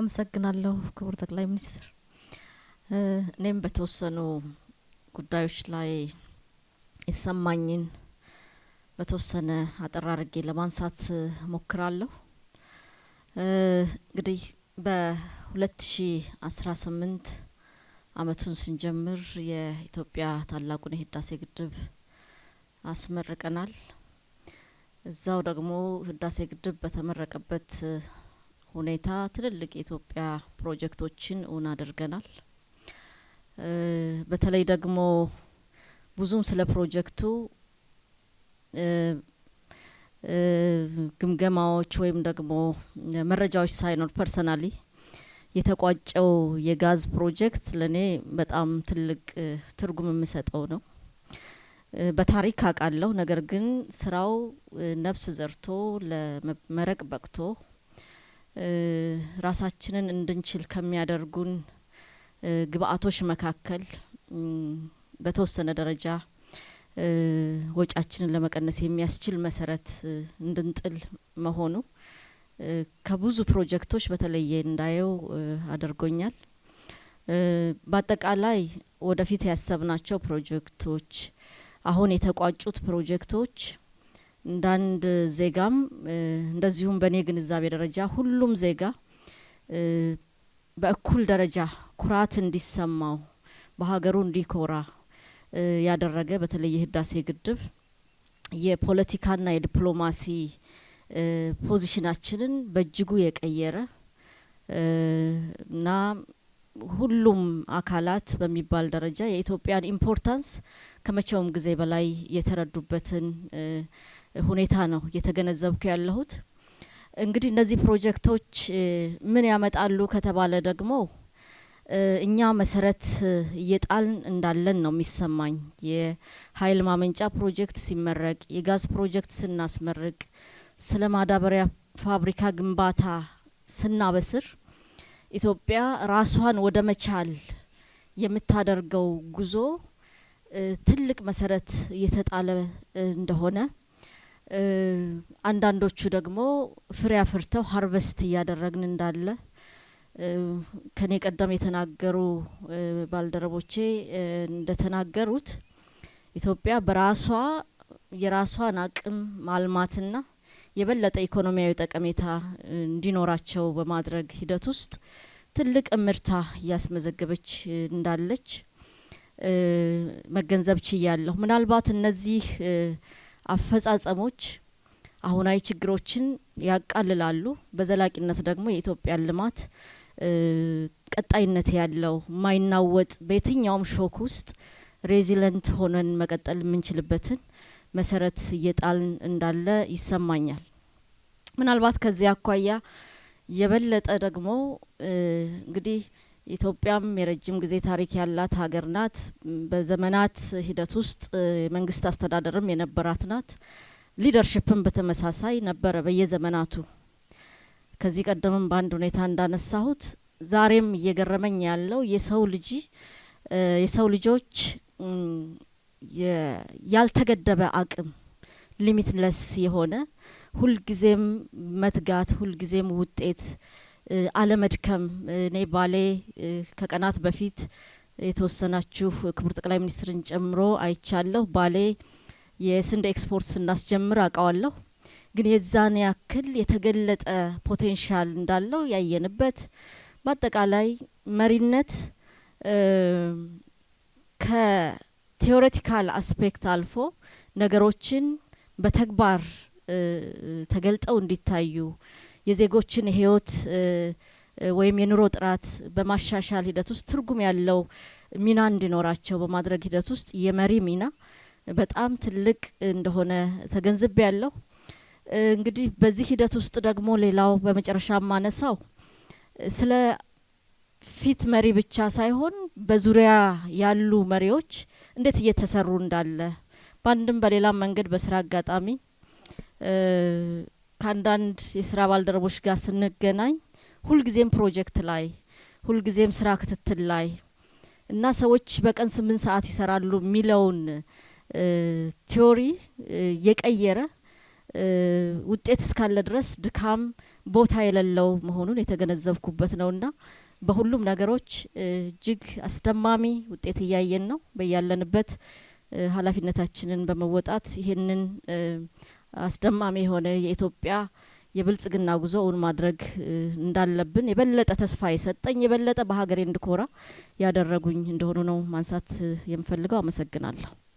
አመሰግናለሁ ክቡር ጠቅላይ ሚኒስትር። እኔም በተወሰኑ ጉዳዮች ላይ የተሰማኝን በተወሰነ አጠር አድርጌ ለማንሳት ሞክራለሁ። እንግዲህ በ2018 አመቱን ስንጀምር የኢትዮጵያ ታላቁን የህዳሴ ግድብ አስመርቀናል። እዛው ደግሞ ህዳሴ ግድብ በተመረቀበት ሁኔታ ትልልቅ የኢትዮጵያ ፕሮጀክቶችን እውን አድርገናል። በተለይ ደግሞ ብዙም ስለ ፕሮጀክቱ ግምገማዎች ወይም ደግሞ መረጃዎች ሳይኖር ፐርሰናሊ የተቋጨው የጋዝ ፕሮጀክት ለእኔ በጣም ትልቅ ትርጉም የምሰጠው ነው። በታሪክ አውቃለሁ። ነገር ግን ስራው ነፍስ ዘርቶ ለመረቅ በቅቶ ራሳችንን እንድንችል ከሚያደርጉን ግብአቶች መካከል በተወሰነ ደረጃ ወጫችንን ለመቀነስ የሚያስችል መሰረት እንድንጥል መሆኑ ከብዙ ፕሮጀክቶች በተለየ እንዳየው አድርጎኛል። በአጠቃላይ ወደፊት ያሰብናቸው ፕሮጀክቶች አሁን የተቋጩት ፕሮጀክቶች እንዳንድ ዜጋም እንደዚሁም በእኔ ግንዛቤ ደረጃ ሁሉም ዜጋ በእኩል ደረጃ ኩራት እንዲሰማው በሀገሩ እንዲኮራ ያደረገ በተለይ የህዳሴ ግድብ የፖለቲካና የዲፕሎማሲ ፖዚሽናችንን በእጅጉ የቀየረ እና ሁሉም አካላት በሚባል ደረጃ የኢትዮጵያን ኢምፖርታንስ ከመቼውም ጊዜ በላይ የተረዱበትን ሁኔታ ነው እየተገነዘብኩ ያለሁት። እንግዲህ እነዚህ ፕሮጀክቶች ምን ያመጣሉ ከተባለ ደግሞ እኛ መሰረት እየጣልን እንዳለን ነው የሚሰማኝ። የኃይል ማመንጫ ፕሮጀክት ሲመረቅ፣ የጋዝ ፕሮጀክት ስናስመርቅ፣ ስለ ማዳበሪያ ፋብሪካ ግንባታ ስናበስር ኢትዮጵያ ራሷን ወደ መቻል የምታደርገው ጉዞ ትልቅ መሰረት እየተጣለ እንደሆነ አንዳንዶቹ ደግሞ ፍሬ አፍርተው ሀርቨስት እያደረግን እንዳለ ከኔ ቀደም የተናገሩ ባልደረቦቼ እንደተናገሩት ኢትዮጵያ በራሷ የራሷን አቅም ማልማትና የበለጠ ኢኮኖሚያዊ ጠቀሜታ እንዲኖራቸው በማድረግ ሂደት ውስጥ ትልቅ እምርታ እያስመዘገበች እንዳለች መገንዘብ ችያለሁ። ምናልባት እነዚህ አፈጻጸሞች አሁናዊ ችግሮችን ያቃልላሉ። በዘላቂነት ደግሞ የኢትዮጵያን ልማት ቀጣይነት ያለው ማይናወጥ በየትኛውም ሾክ ውስጥ ሬዚለንት ሆነን መቀጠል የምንችልበትን መሰረት እየጣልን እንዳለ ይሰማኛል። ምናልባት ከዚያ አኳያ የበለጠ ደግሞ እንግዲህ ኢትዮጵያም የረጅም ጊዜ ታሪክ ያላት ሀገር ናት። በዘመናት ሂደት ውስጥ የመንግስት አስተዳደርም የነበራት ናት። ሊደርሽፕም በተመሳሳይ ነበረ በየዘመናቱ። ከዚህ ቀደምም በአንድ ሁኔታ እንዳነሳሁት ዛሬም እየገረመኝ ያለው የሰው ልጅ የሰው ልጆች ያልተገደበ አቅም ሊሚትለስ የሆነ ሁልጊዜም መትጋት ሁልጊዜም ውጤት አለመድከም። እኔ ባሌ ከቀናት በፊት የተወሰናችሁ ክቡር ጠቅላይ ሚኒስትርን ጨምሮ አይቻለሁ። ባሌ የስንዴ ኤክስፖርት ስናስጀምር አውቀዋለሁ። ግን የዛን ያክል የተገለጠ ፖቴንሻል እንዳለው ያየንበት በአጠቃላይ መሪነት ከቴዎሬቲካል አስፔክት አልፎ ነገሮችን በተግባር ተገልጠው እንዲታዩ የዜጎችን ህይወት ወይም የኑሮ ጥራት በማሻሻል ሂደት ውስጥ ትርጉም ያለው ሚና እንዲኖራቸው በማድረግ ሂደት ውስጥ የመሪ ሚና በጣም ትልቅ እንደሆነ ተገንዝቤ ያለው። እንግዲህ በዚህ ሂደት ውስጥ ደግሞ ሌላው በመጨረሻ ማነሳው ስለ ፊት መሪ ብቻ ሳይሆን በዙሪያ ያሉ መሪዎች እንዴት እየተሰሩ እንዳለ በአንድም በሌላም መንገድ በስራ አጋጣሚ ከአንዳንድ የስራ ባልደረቦች ጋር ስንገናኝ ሁልጊዜም ፕሮጀክት ላይ ሁልጊዜም ስራ ክትትል ላይ እና ሰዎች በቀን ስምንት ሰዓት ይሰራሉ የሚለውን ቲዮሪ የቀየረ ውጤት እስካለ ድረስ ድካም ቦታ የሌለው መሆኑን የተገነዘብኩበት ነውና በሁሉም ነገሮች እጅግ አስደማሚ ውጤት እያየን ነው። በያለንበት ኃላፊነታችንን በመወጣት ይህንን አስደማሚ የሆነ የኢትዮጵያ የብልጽግና ጉዞ እውን ማድረግ እንዳለብን የበለጠ ተስፋ የሰጠኝ የበለጠ በሀገሬ እንድኮራ ያደረጉኝ እንደሆኑ ነው ማንሳት የምፈልገው። አመሰግናለሁ።